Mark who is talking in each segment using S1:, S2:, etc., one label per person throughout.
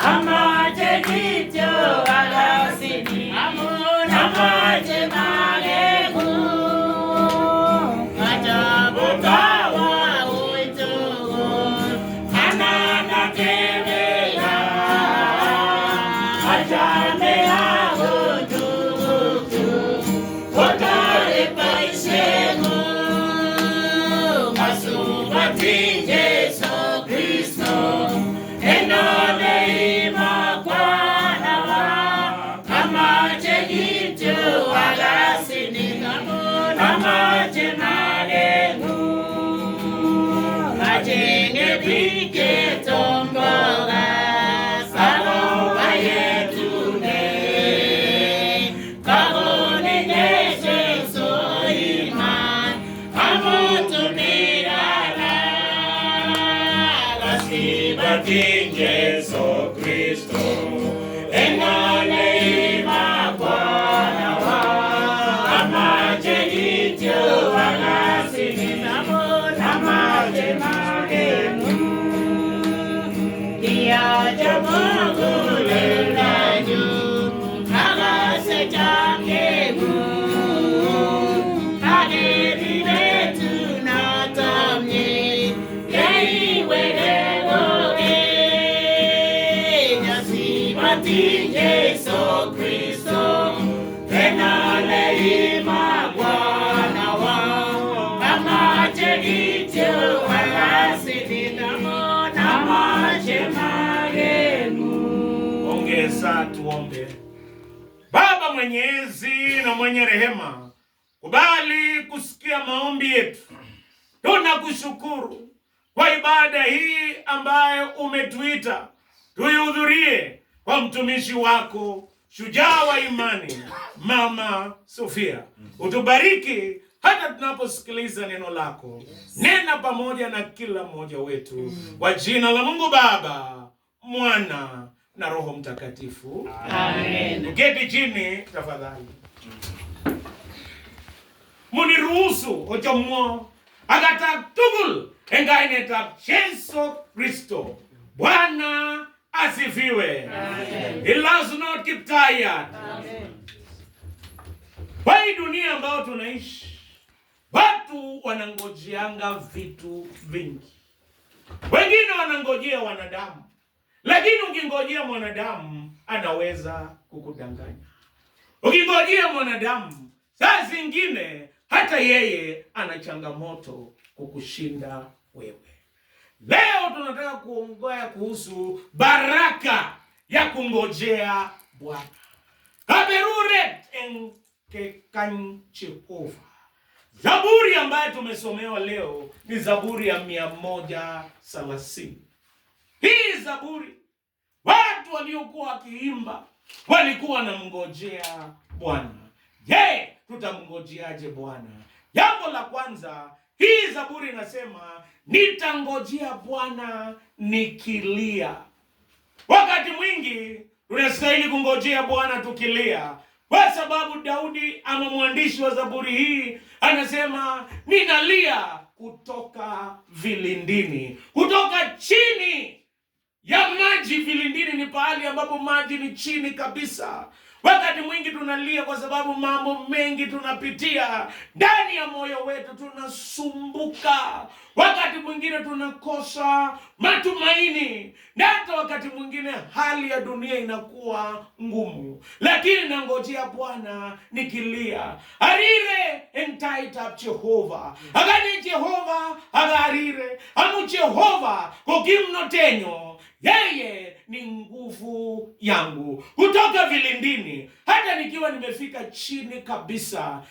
S1: Kama iba tin Yeso Cristo en alema kwa wa ama jeni tio wana sini namo ama jema emu dia jamango
S2: Yesu, tuombe. Baba mwenyezi na mwenye rehema, kubali kusikia maombi yetu. Tunakushukuru kwa ibada hii ambayo umetuita tuihudhurie kwa mtumishi wako shujaa wa imani Mama Sofia, utubariki hata tunaposikiliza neno lako. Nena pamoja na kila mmoja wetu, kwa jina la Mungu Baba, Mwana na Roho Mtakatifu.
S3: Amen.
S2: Uketi chini tafadhali. Muniruhusu ochomuo agatak tugul engainetab Yesu Kristo. Bwana asifiwe.
S3: Amen.
S2: Ilazunot kiptayat. Amen. Kwa hii dunia ambayo tunaishi, watu wanangojeanga vitu vingi. Wengine wanangojea wanadamu lakini ukingojea mwanadamu anaweza kukudanganya. Ukingojea mwanadamu, saa zingine hata yeye ana changamoto kukushinda wewe. Leo tunataka kuongea kuhusu baraka ya kungojea Bwana. Kaberure enkekanchikova. Zaburi ambayo tumesomewa leo ni Zaburi ya mia moja thelathini. Hii Zaburi watu waliokuwa wakiimba walikuwa wanamngojea Bwana. Je, tutamngojeaje Bwana? Jambo la kwanza, hii Zaburi inasema nitangojea Bwana nikilia. Wakati mwingi tunastahili kungojea Bwana tukilia, kwa sababu Daudi ama mwandishi wa Zaburi hii anasema ninalia kutoka vilindini, kutoka chini ya maji. Vilindini ni pahali ambapo maji ni chini kabisa. Wakati mwingi tunalia kwa sababu mambo mengi tunapitia ndani ya moyo wetu, tunasumbuka. Wakati mwingine tunakosa matumaini, na hata wakati mwingine hali ya dunia inakuwa ngumu, lakini nangojea Bwana nikilia. Arire entaita Jehova agani Jehova agarire amu Jehova kokimno tenyo yeye ni nguvu yangu. Kutoka vilindini hata nikiwa nimefika chini kabisa,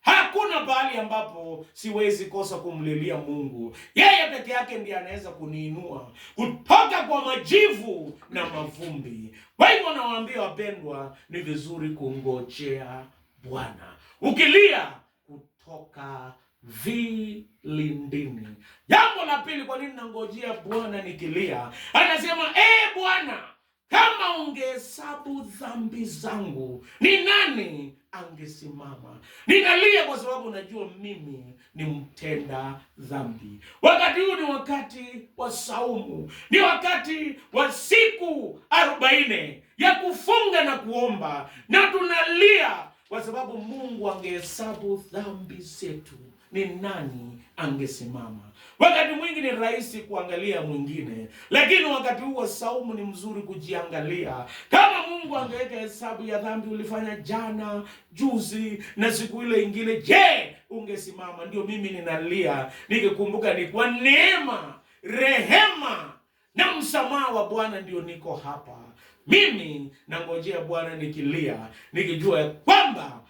S2: hakuna pahali ambapo siwezi kosa kumlilia Mungu. Yeye peke yake ndiye anaweza kuniinua kutoka kwa majivu na mavumbi. Kwa hivyo nawaambia wapendwa, ni vizuri kungojea Bwana ukilia kutoka vilindini. Jambo la pili, kwa nini nangojea Bwana nikilia? Anasema ee Bwana, kama ungehesabu dhambi zangu, ni nani angesimama? Ninalia kwa sababu najua mimi ni mtenda dhambi. Wakati huu ni wakati wa saumu, ni wakati wa siku arobaini ya kufunga na kuomba, na tunalia kwa sababu Mungu angehesabu dhambi zetu ni nani angesimama. Wakati mwingi ni rahisi kuangalia mwingine, lakini wakati huo saumu ni mzuri kujiangalia. Kama Mungu angeweka hesabu ya dhambi ulifanya jana, juzi na siku ile ingine, je, ungesimama? Ndio mimi ninalia nikikumbuka ni kwa neema, rehema na msamaha wa Bwana ndio niko hapa mimi. Nangojea Bwana nikilia nikijua ya kwamba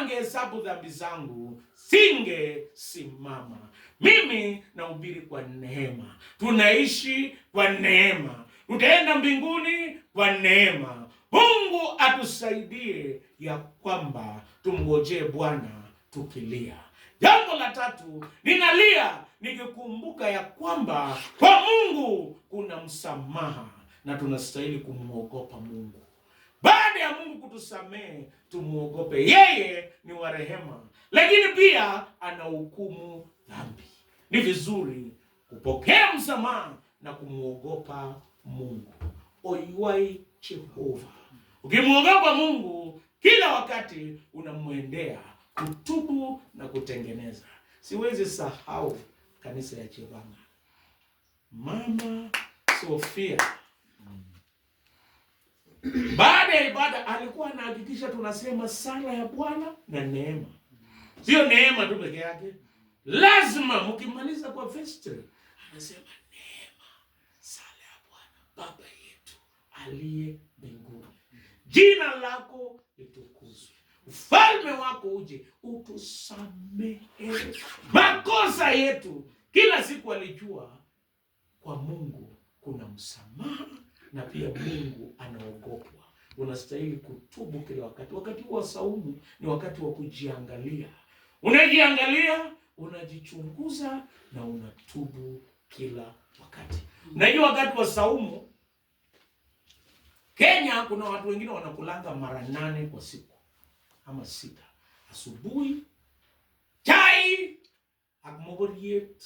S2: Ningehesabu dhambi zangu simama Mimi nahubiri kwa neema, tunaishi kwa neema, tutaenda mbinguni kwa neema. Mungu atusaidie ya kwamba tumgojee Bwana tukilia. Jambo la tatu, ninalia nikikumbuka ya kwamba kwa Mungu kuna msamaha na tunastahili kumwogopa Mungu. Baada ya Mungu kutusamehe, tumuogope yeye. Ni wa rehema, lakini pia anahukumu dhambi. Ni vizuri kupokea msamaha na kumuogopa Mungu. Oyuai Jehova, ukimwogopa Mungu kila wakati unamwendea kutubu na kutengeneza. Siwezi sahau kanisa ya Chivanga, Mama Sofia baada ya ibada alikuwa anahakikisha tunasema sala ya Bwana na neema, sio neema tu peke yake. Lazima mkimaliza kwa vestry, anasema neema, sala ya Bwana, Baba yetu aliye mbinguni, jina lako litukuzwe, ufalme wako uje, utusamehe makosa yetu. Kila siku alijua kwa Mungu kuna msamaha na pia Mungu anaogopwa. Unastahili kutubu kila wakati. Wakati huu wa saumu ni wakati wa kujiangalia, unajiangalia, unajichunguza na unatubu kila wakati. Najua wakati wa saumu Kenya kuna watu wengine wanakulanga mara nane kwa siku ama sita, asubuhi chai akmogoriet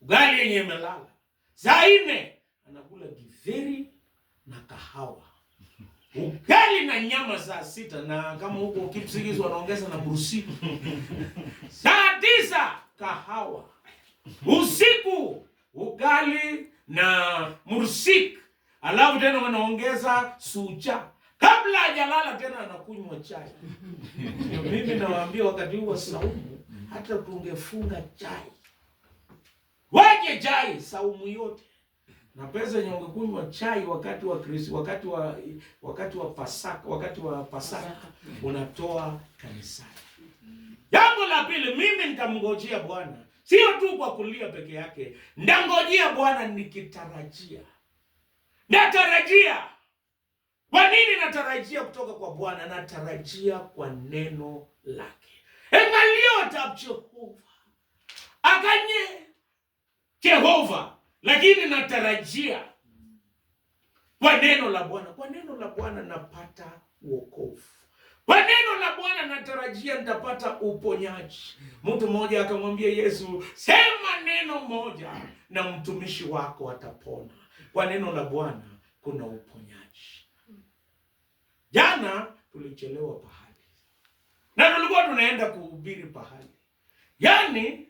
S2: ugali yenye melala saa nne anakula gifu githeri na kahawa, ugali na nyama saa sita, na kama huko Kipsigis wanaongeza na brusi saa tisa kahawa usiku, ugali na mursik, alafu tena wanaongeza sucha kabla hajalala tena anakunywa chai. Mimi nawaambia wakati huu wa saumu, hata tungefunga chai, waje chai saumu yote na pesa yenye ungekunywa chai wakati wa Kristo, wakati wa wakati wa Pasaka, wakati wa Pasaka unatoa kanisani. Jambo la pili, mimi nitamngojea Bwana, sio tu kwa kulia peke yake. Ndangojea Bwana nikitarajia, natarajia. Kwa nini natarajia kutoka kwa Bwana? Natarajia kwa neno lake. Engalio tab Jehova akanye Jehova lakini natarajia kwa neno la Bwana, kwa neno la Bwana napata wokovu, kwa neno la Bwana natarajia nitapata uponyaji. Mtu mmoja akamwambia Yesu, sema neno moja na mtumishi wako atapona. Kwa neno la Bwana kuna uponyaji. Jana tulichelewa pahali na tulikuwa tunaenda kuhubiri pahali, yaani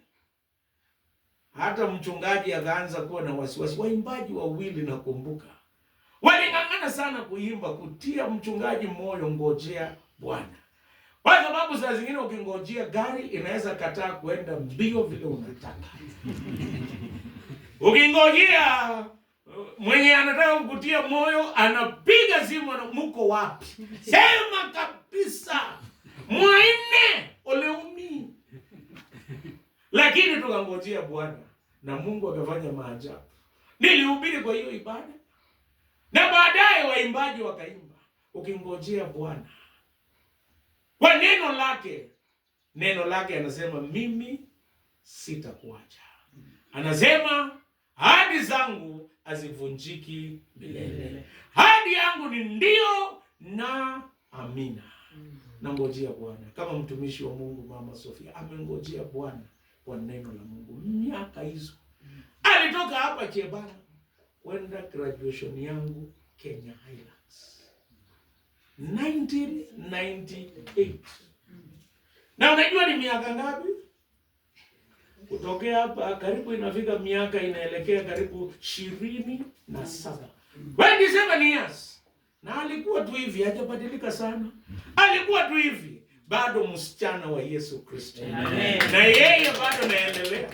S2: hata mchungaji akaanza kuwa na wasiwasi. Waimbaji wawili nakumbuka waling'ang'ana sana kuimba, kutia mchungaji moyo, ngojea Bwana, kwa sababu saa zingine ukingojea gari inaweza kataa kuenda mbio vile unataka ukingojea mwenye anataka kutia moyo anapiga simu, muko wapi? Sema kabisa, mwaine lakini tukangojea Bwana na Mungu akafanya maajabu. Nilihubiri kwa hiyo ibada na baadaye waimbaji wakaimba, ukingojea Bwana kwa neno lake. Neno lake anasema mimi sitakuacha, anasema hadi zangu hazivunjiki milele, hadi yangu ni ndio na amina. Mm. Nangojea Bwana kama mtumishi wa Mungu Mama Sofia amengojea Bwana kwa neno la Mungu miaka hizo. Alitoka hapa Chebara kwenda graduation yangu Kenya Highlands 1998. Na unajua ni miaka ngapi? Kutokea hapa karibu inafika miaka inaelekea karibu ishirini na saba. Twenty years. Na alikuwa tu hivi, hajabadilika sana. Alikuwa tu hivi bado msichana wa Yesu Kristo, na yeye bado naendelea.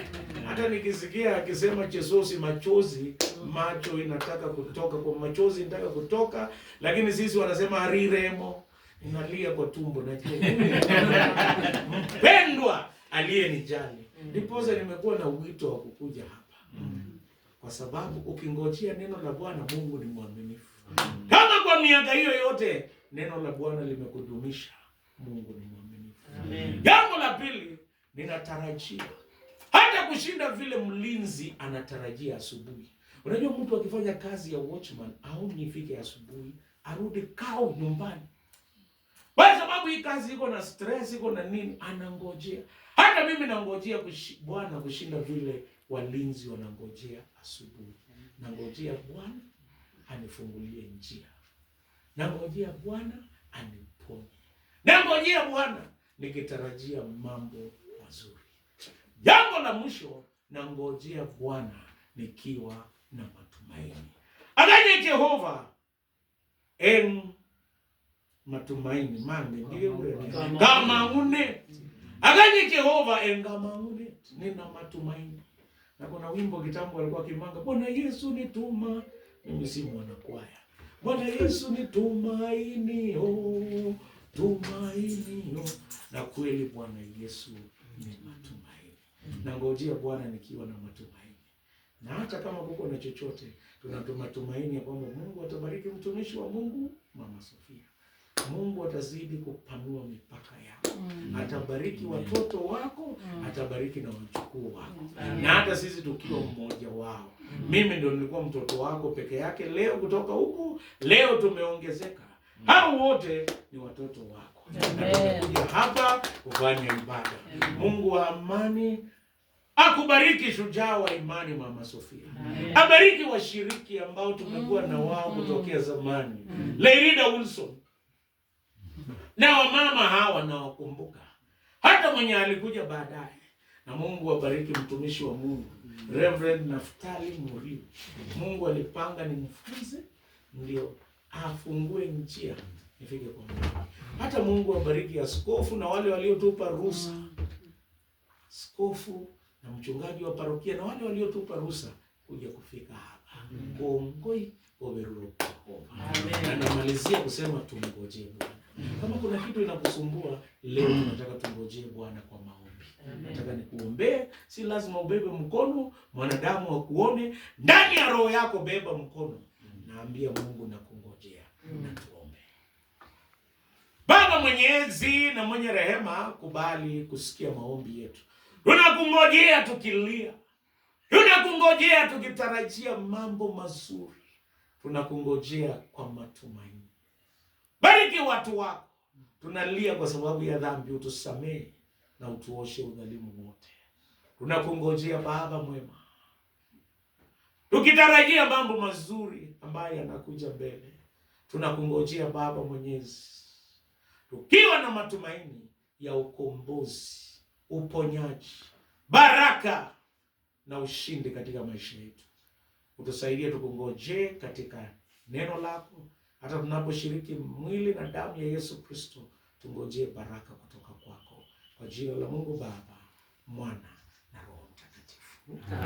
S2: Hata nikisikia akisema chesosi, machozi macho inataka kutoka kwa machozi inataka kutoka, lakini sisi wanasema ariremo inalia kwa tumbo. na mpendwa aliyenijali, ndiposa nimekuwa na wito wa kukuja hapa, kwa sababu ukingojea neno la Bwana, Mungu ni mwaminifu. Kama kwa miaka hiyo yote neno la Bwana limekudumisha Mungu ni mwaminifu. Jambo la pili, ninatarajia hata kushinda vile mlinzi anatarajia asubuhi. Unajua, mtu akifanya kazi ya watchman au nifike asubuhi, arudi kao nyumbani, kwa sababu hii kazi iko na stress, iko na nini, anangojea. Hata mimi nangojea kush, Bwana kushinda vile walinzi wanangojea asubuhi. Nangojea Bwana anifungulie njia, nangojea Bwana aniponye. Nangojea Bwana nikitarajia mambo mazuri. Jambo la mwisho, nangojea Bwana nikiwa na matumaini. Agaje Jehova en matumaini mande ngamaune agaje Jehova engamaune, nina matumaini. Na kuna wimbo kitambo alikuwa kimanga, Bwana Yesu nituma. Mimi si mwana kwaya. Bwana Yesu ni tumaini oh tumainio na kweli. Bwana Yesu ni mm-hmm. matumaini, na ngojea Bwana nikiwa na matumaini, na hata kama kuko na chochote, tuna matumaini ya kwamba Mungu atabariki mtumishi wa Mungu Mama Sofia. Mungu atazidi kupanua mipaka yako mm. Atabariki watoto wako mm. Atabariki na wajukuu wako mm. Na hata sisi tukiwa mmoja wao mm. Mimi ndio nilikuwa mtoto wako peke yake, leo kutoka huku, leo tumeongezeka hao wote ni watoto wako Amen. hapa kufanya ibada. Mungu wa amani akubariki shujaa wa imani Mama Sofia. Amen. Abariki washiriki ambao tumekuwa na wao kutokea zamani, Leirida Wilson na wamama hawa nawakumbuka, hata mwenye alikuja baadaye. Na Mungu abariki mtumishi wa Mungu Reverend Naftali Muri. Mungu alipanga nimfunze ndio afungue njia nifike kwa Mungu. Hata Mungu abariki askofu na wale waliotupa ruhusa, askofu na mchungaji wa parokia na wale waliotupa ruhusa kuja kufika hapa. Kuongoi overuruka
S3: Amen.
S2: Anamalizia kusema tumngojee Bwana. Kama kuna kitu inakusumbua leo, tunataka tumngojee Bwana kwa maombi. Nataka nikuombee, si lazima ubebe mkono, mwanadamu akuone. Ndani ya roho yako beba mkono, naambia Mungu na Baba mwenyezi na mwenye rehema, kubali kusikia maombi yetu. Tunakungojea tukilia, tunakungojea tukitarajia mambo mazuri, tunakungojea kwa matumaini. Bariki watu wako, tunalia kwa sababu ya dhambi, utusamehe na utuoshe udhalimu wote. Tunakungojea Baba mwema, tukitarajia mambo mazuri ambayo yanakuja mbele Tunakungojea Baba Mwenyezi, tukiwa na matumaini ya ukombozi, uponyaji, baraka na ushindi katika maisha yetu. Utusaidie tukungojee katika neno lako, hata tunaposhiriki mwili na damu ya Yesu Kristo, tungojee baraka kutoka kwako, kwa jina la Mungu Baba, Mwana na Roho Mtakatifu.